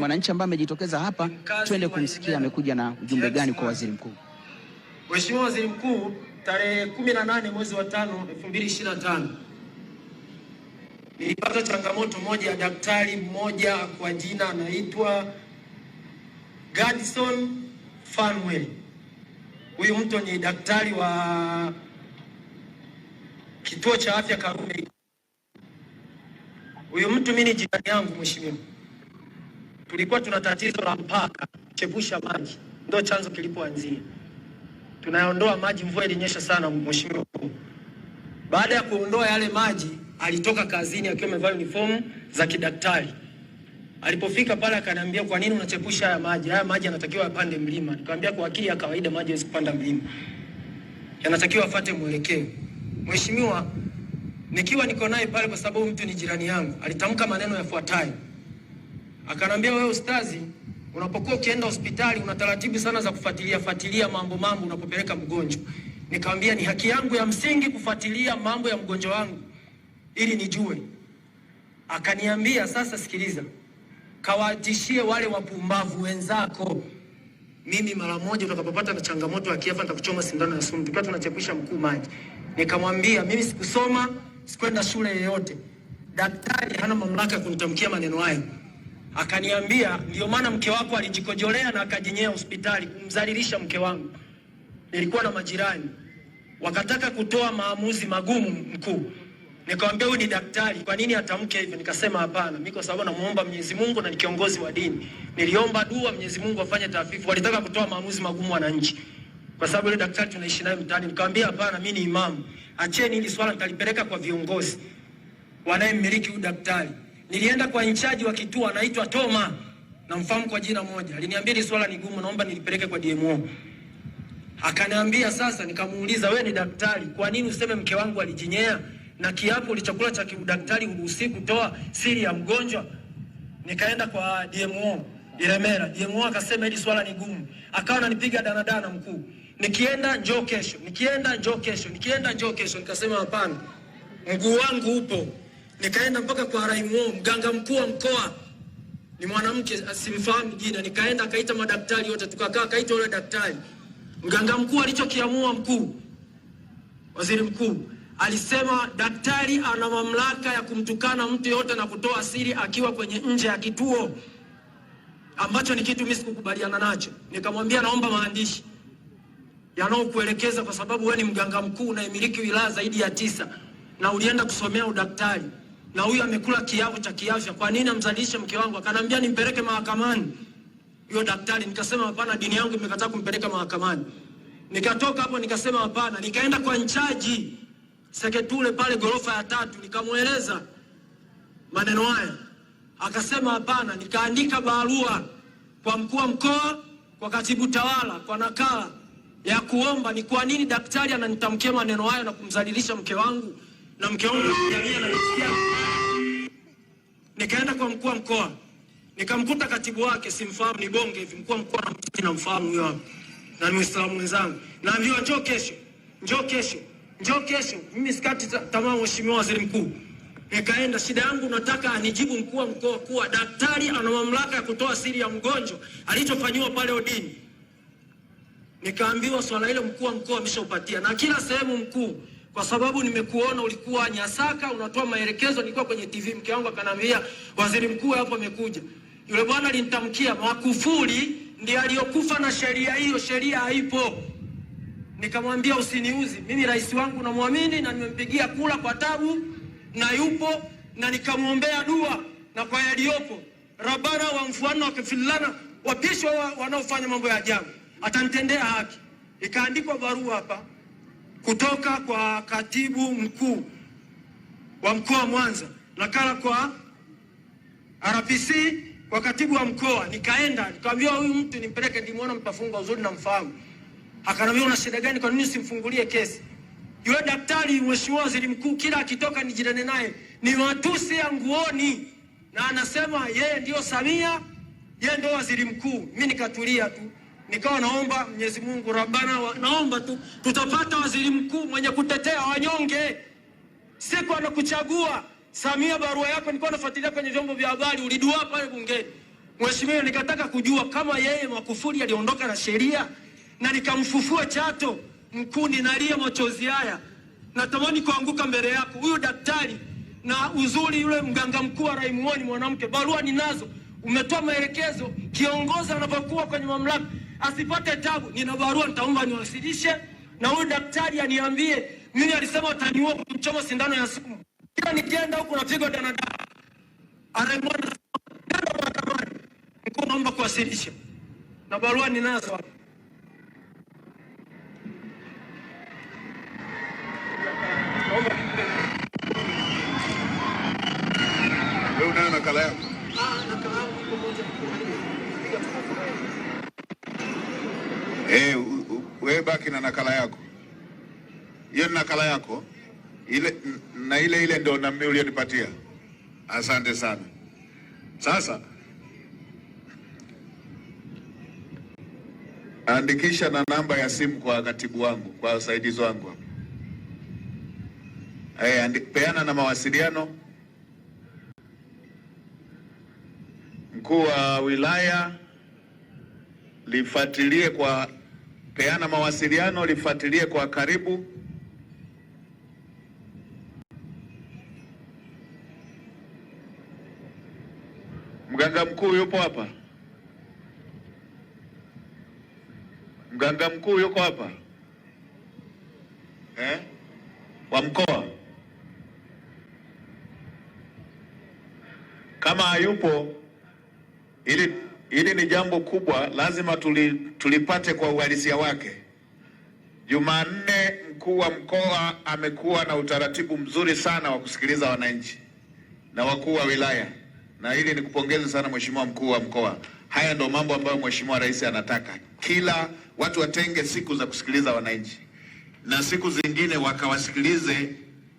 mwananchi ambaye amejitokeza hapa, twende kumsikia amekuja na ujumbe gani kwa waziri mkuu. Mheshimiwa Waziri Mkuu, tarehe 18 mwezi wa 5 2025 nilipata changamoto moja ya daktari mmoja kwa jina anaitwa Gadson Fanwell. Huyu mtu ni daktari wa kituo cha afya Karume. Huyu mtu mimi ni jirani yangu mheshimiwa tulikuwa tuna tatizo la mpaka chepusha maji, ndio chanzo kilipoanzia. Tunaondoa maji, mvua ilinyesha sana mheshimiwa. Baada ya kuondoa yale maji, alitoka kazini akiwa amevaa uniform za kidaktari. Alipofika pale akaniambia, kwa nini unachepusha haya maji? Haya maji yanatakiwa yapande mlima. Nikamwambia, kwa akili ya kawaida maji hayawezi kupanda mlima, yanatakiwa afate mwelekeo. Mheshimiwa, nikiwa niko naye pale, kwa sababu mtu ni jirani yangu, alitamka maneno yafuatayo Akanambia wewe ustazi, unapokuwa ukienda hospitali una taratibu sana za kufuatilia fuatilia mambo mambo unapopeleka mgonjwa. Nikamwambia ni haki yangu ya msingi kufuatilia mambo ya mgonjwa wangu ili nijue. Akaniambia sasa, sikiliza, kawatishie wale wapumbavu wenzako mimi mara moja utakapopata na changamoto ya kiafya nitakuchoma sindano ya sumu, tukiwa tunachepusha mkuu maji. Nikamwambia mimi sikusoma, sikwenda shule yoyote, daktari hana mamlaka ya kunitamkia maneno hayo. Akaniambia ndio maana mke wako alijikojolea na akajinyea hospitali kumdhalilisha mke wangu. Nilikuwa na majirani wakataka kutoa maamuzi magumu mkuu. Nikamwambia huyu ni daktari, kwa nini atamke hivyo? Nikasema hapana, mimi kwa sababu namuomba Mwenyezi Mungu na ni kiongozi wa dini. Niliomba dua Mwenyezi Mungu afanye taafifu. Walitaka kutoa maamuzi magumu wananchi. Kwa sababu yule daktari tunaishi naye mtaani. Nikamwambia hapana, mimi ni imamu. Acheni hili swala nitalipeleka kwa viongozi wanayemiliki huyu daktari. Nilienda kwa inchaji wa kituo anaitwa Toma, namfahamu kwa jina moja. Aliniambia ni swala ni gumu, naomba nilipeleke kwa DMO. Akaniambia sasa, nikamuuliza we ni daktari, kwa nini useme mke wangu alijinyea na kiapo ulichokula cha kiudaktari uruhusi kutoa siri ya mgonjwa? Nikaenda kwa DMO Iremera. DMO akasema hili swala ni gumu, akawa ananipiga danadana mkuu, nikienda njoo kesho, nikienda njoo kesho, nikienda njoo kesho. Nikasema hapana, mguu wangu upo Nikaenda mpaka kwa Raimu, mganga mkuu wa mkoa, ni mwanamke asimfahamu jina. Nikaenda akaita madaktari wote, tukakaa, akaita yule daktari. Mganga mkuu alichokiamua, mkuu, waziri mkuu alisema daktari ana mamlaka ya kumtukana mtu yote na kutoa siri akiwa kwenye nje ya kituo, ambacho ni kitu mimi sikukubaliana nacho. Nikamwambia naomba maandishi yanayokuelekeza kwa sababu wewe ni mganga mkuu unayemiliki wilaya zaidi ya tisa na ulienda kusomea udaktari na huyu amekula kiavu cha kiafya, kwa nini amzalishe mke wangu? Akanambia nimpeleke mahakamani huyo daktari. Nikasema hapana, dini yangu imekataa kumpeleka mahakamani. Nikatoka hapo nikasema hapana, nikaenda kwa nchaji Seketule pale gorofa ya tatu, nikamweleza maneno haya, akasema hapana. Nikaandika barua kwa mkuu wa mkoa, kwa katibu tawala, kwa nakala ya kuomba ni kwa nini daktari ananitamkia maneno hayo na kumzalilisha mke wangu na mke wangu na Nikaenda kwa mkuu wa mkoa nikamkuta katibu wake, simfahamu, ni bonge hivi. Mkuu wa mkoa namfahamu huyo hapo, na ni Muislamu mwenzangu, naambiwa njoo kesho, njoo kesho, njoo kesho. Mimi sikati tamaa, mheshimiwa waziri mkuu. Nikaenda, shida yangu nataka anijibu mkuu wa mkoa kuwa daktari ana mamlaka ya kutoa siri ya mgonjwa alichofanyiwa pale Odini. Nikaambiwa swala hilo mkuu wa mkoa ameshaupatia na kila sehemu mkuu kwa sababu nimekuona ulikuwa Nyasaka unatoa maelekezo. Nilikuwa kwenye TV, mke wangu akanambia waziri mkuu hapo amekuja. Yule bwana alinitamkia Magufuli ndiye aliyokufa na sheria hiyo, sheria haipo. Nikamwambia usiniuzi mimi, rais wangu namwamini na nimempigia kula kwa tabu na yupo na nikamwombea dua na kwa yaliyopo rabana wa mfuano wakifilana wapishi wanaofanya mambo ya ajabu atanitendea haki. Ikaandikwa barua hapa kutoka kwa katibu mkuu wa mkoa wa Mwanza, nakala kwa RPC, kwa katibu wa mkoa. Nikaenda nikamwambia huyu mtu nimpeleke, ndimwona mtafunga uzuri na mfahamu. Akanambia una shida gani? Kwa nini simfungulie kesi? Yule daktari, mheshimiwa waziri mkuu, kila akitoka ni jirani naye, ni matusi ya nguoni, na anasema yeye ndio Samia, yeye ndio waziri mkuu. Mimi nikatulia tu nikawa naomba Mwenyezi Mungu, Rabbana, naomba tu tutapata waziri mkuu mwenye kutetea wanyonge. Siku anakuchagua Samia, barua yako nilikuwa nafuatilia kwenye vyombo vya habari, ulidua pale bungeni Mheshimiwa, nikataka kujua kama yeye Magufuli aliondoka na sheria, na nikamfufua Chato mkuu. Ninalia machozi haya, natamani kuanguka mbele yako. Huyu daktari na uzuri, yule mganga mkuu wa Raimuoni mwanamke, barua ninazo. Umetoa maelekezo kiongozi anapokuwa kwenye mamlaka asipate tabu, nina barua nitaomba niwasilishe, na huyu daktari aniambie nini. Alisema utaniua kumchoma sindano ya sumu, kila nikienda huko napigwa danadana. Naomba kuwasilisha na barua ninazo nakala yako Eh, wewe baki na nakala yako. Hiyo ni nakala yako ile, na ile ile ndio na mimi ulionipatia. Asante sana. Sasa andikisha na namba ya simu kwa katibu wangu, kwa usaidizi wangu Hey, eh, peana na mawasiliano. Mkuu wa wilaya lifuatilie kwa peana mawasiliano lifuatilie kwa karibu. Mganga mkuu yupo hapa? Mganga mkuu yuko hapa eh? wa mkoa kama hayupo ili Hili ni jambo kubwa, lazima tulipate kwa uhalisia wake. Jumanne, mkuu wa mkoa amekuwa na utaratibu mzuri sana wa kusikiliza wananchi na wakuu wa wilaya, na hili ni kupongeza sana mheshimiwa mkuu wa mkoa. Haya ndio mambo ambayo mheshimiwa rais anataka, kila watu watenge siku za kusikiliza wananchi na siku zingine wakawasikilize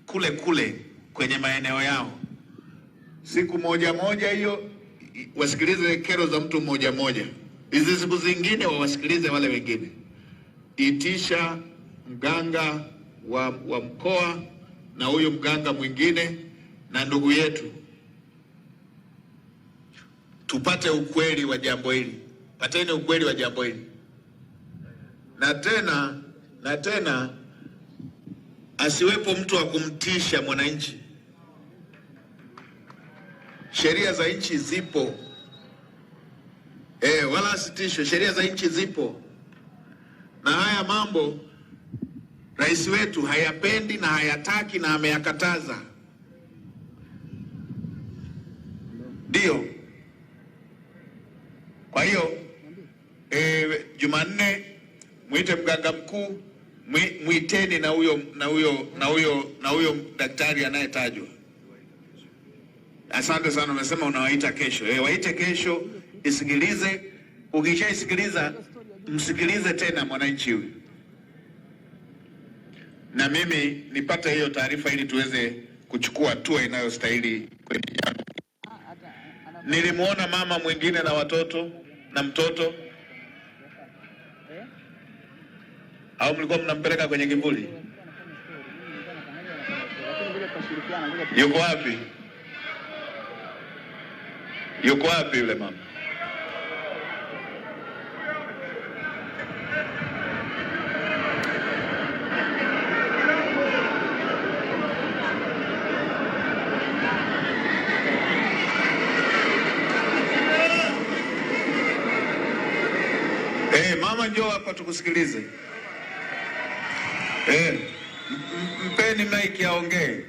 kule kule kwenye maeneo yao, siku moja moja hiyo wasikilize kero za mtu mmoja mmoja, hizi siku zingine wawasikilize wale wengine. Itisha mganga wa, wa mkoa na huyu mganga mwingine na ndugu yetu, tupate ukweli wa jambo hili. Pateni ukweli wa jambo hili, na tena na tena asiwepo mtu wa kumtisha mwananchi. Sheria za nchi zipo eh, wala asitishwe. Sheria za nchi zipo, na haya mambo rais wetu hayapendi na hayataki na ameyakataza. Ndio kwa hiyo eh, Jumanne mwite mganga mkuu, mwiteni na huyo na huyo na huyo na huyo daktari anayetajwa. Asante sana. Umesema unawaita kesho. E, waite kesho, isikilize. Ukishaisikiliza msikilize tena mwananchi huyu, na mimi nipate hiyo taarifa ili tuweze kuchukua hatua inayostahili kwenye jambo. Nilimwona mama mwingine na watoto na mtoto, au mlikuwa mnampeleka kwenye kivuli? Yuko wapi? Yuko wapi yule mama? Hey, eh, mama njoo hapa tukusikilize. Hey, eh, mpeni maiki aongee.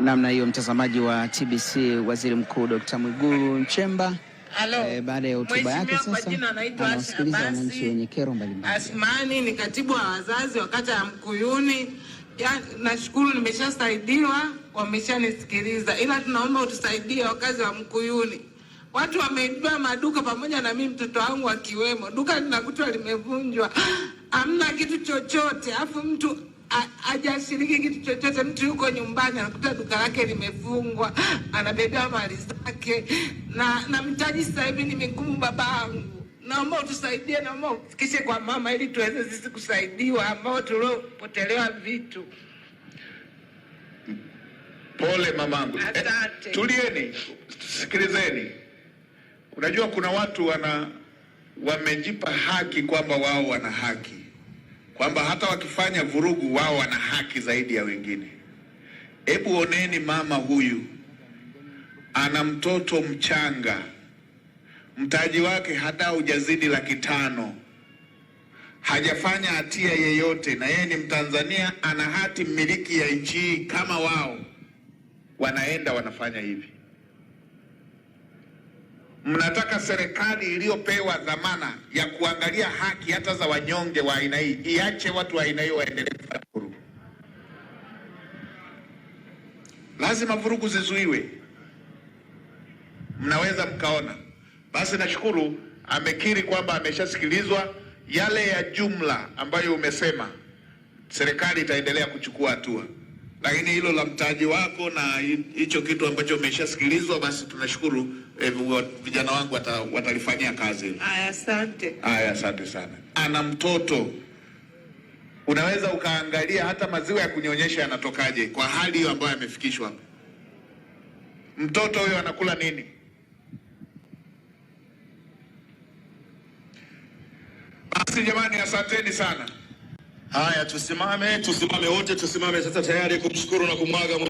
namna hiyo, mtazamaji wa TBC, Waziri Mkuu Dr. Mwigulu Nchemba e, baada ya hotuba yake sasa anawasikiliza wananchi wenye kero mbalimbali. Asmani ni katibu wa wazazi wa kata ya Mkuyuni. Nashukuru nimeshasaidiwa, wameshanisikiliza, ila tunaomba utusaidie wakazi wa Mkuyuni. Watu wameibiwa maduka, pamoja na mimi mtoto wangu akiwemo. Duka linakutwa limevunjwa, hamna kitu chochote, afu mtu hajashiriki kitu chochote. Mtu yuko nyumbani anakuta duka lake limefungwa, anabebea mali zake na, na mtaji sasa hivi ni migumu. yangu naomba utusaidie, naomba ufikishe kwa mama ili tuweze sisi kusaidiwa ambao tuliopotelewa vitu. Pole mamangu. Eh, tulieni, sikilizeni. Unajua kuna watu wana wamejipa haki kwamba wao wana haki kwamba hata wakifanya vurugu wao wana haki zaidi ya wengine. Hebu oneni, mama huyu ana mtoto mchanga, mtaji wake hata hujazidi laki tano, hajafanya hatia yeyote, na yeye ni Mtanzania, ana hati mmiliki ya nchi hii kama wao. Wanaenda wanafanya hivi. Mnataka serikali iliyopewa dhamana ya kuangalia haki hata za wanyonge wa aina hii iache watu wa aina hii waendelee kufanya vurugu. Lazima vurugu zizuiwe. Mnaweza mkaona. Basi nashukuru amekiri kwamba ameshasikilizwa. Yale ya jumla ambayo umesema, serikali itaendelea kuchukua hatua, lakini hilo la mtaji wako na hicho kitu ambacho umeshasikilizwa, basi tunashukuru vijana wangu watalifanyia kazi. Aya, asante. Aya, asante sana. Ana mtoto unaweza ukaangalia hata maziwa ya kunyonyesha yanatokaje kwa hali hiyo ambayo yamefikishwa. Mtoto huyo anakula nini? Basi jamani, asanteni sana. Haya, tusimame, tusimame wote, tusimame sasa tayari kumshukuru na kumwaga